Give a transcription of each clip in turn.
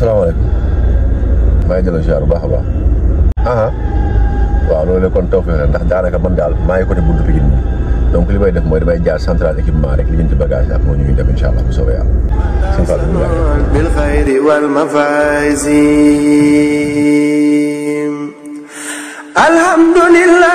salaamaaleykum maa ngi jëloon ziar bu baax a baax aha waaw loolu kon taw fii ndax daanaka man daal maa ngi côté buntu bi gin donc li may def mooy damay jaar central équipement rek li jëm ci bagage ak moo ñu ngi dem incha allah bu soobee yàlla sëñ Fall bil xayri wal mafaazi alhamdulillah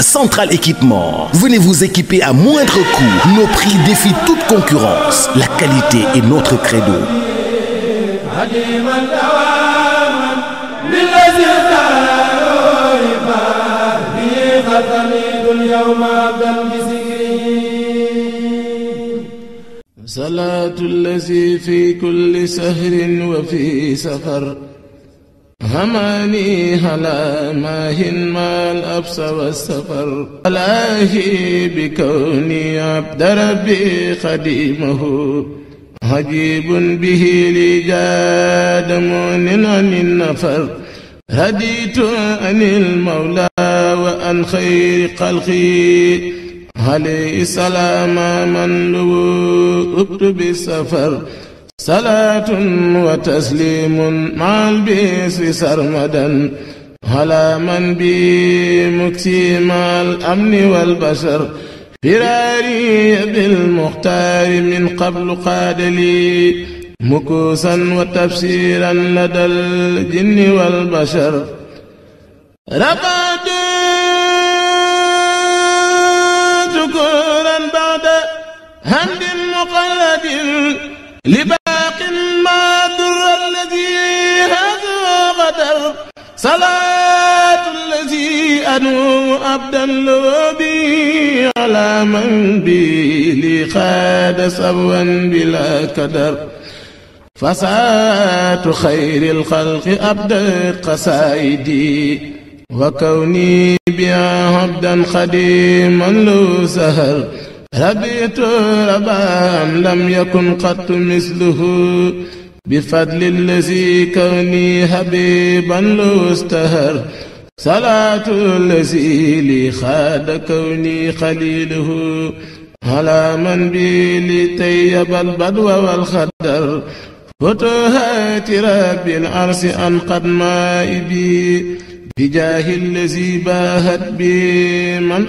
Central Équipement. Venez vous équiper à moindre coût. Nos prix défient toute concurrence. La qualité est notre credo. salaatu allazi fi kulli sahrin wa fi safar hamaani halaa maahin maal absa wa safar alaahi bi kawni abda rabbi xadimahu hajibun bihi li jaada moonin anin nafar raditu anil mawla wa an xayri xalqi عليه سلام من له أبت بالسفر صلاة وتسليم مع البيس سرمدا على من بي مكسيم الأمن والبشر فراري بالمختار من قبل قاد لي مكوسا وتفسيرا لدى الجن والبشر رقاد li baaqin maa durra alladi hada qadar salaatu alladi anumu abdan lobi ala man bi li xaada sawan bila kadar fasaatu xayri lxalqi abdat qasaayidi wa kawni bi abdan xadiman lu sahar ربيت ربا لم يكن قط مثله بفضل الذي كوني حبيبا لو استهر صلاة الذي لي خاد كوني خليله على من بي لطيب البدو والخدر فتوهات رب العرس أنقد مائبي بجاه الذي باهت بي من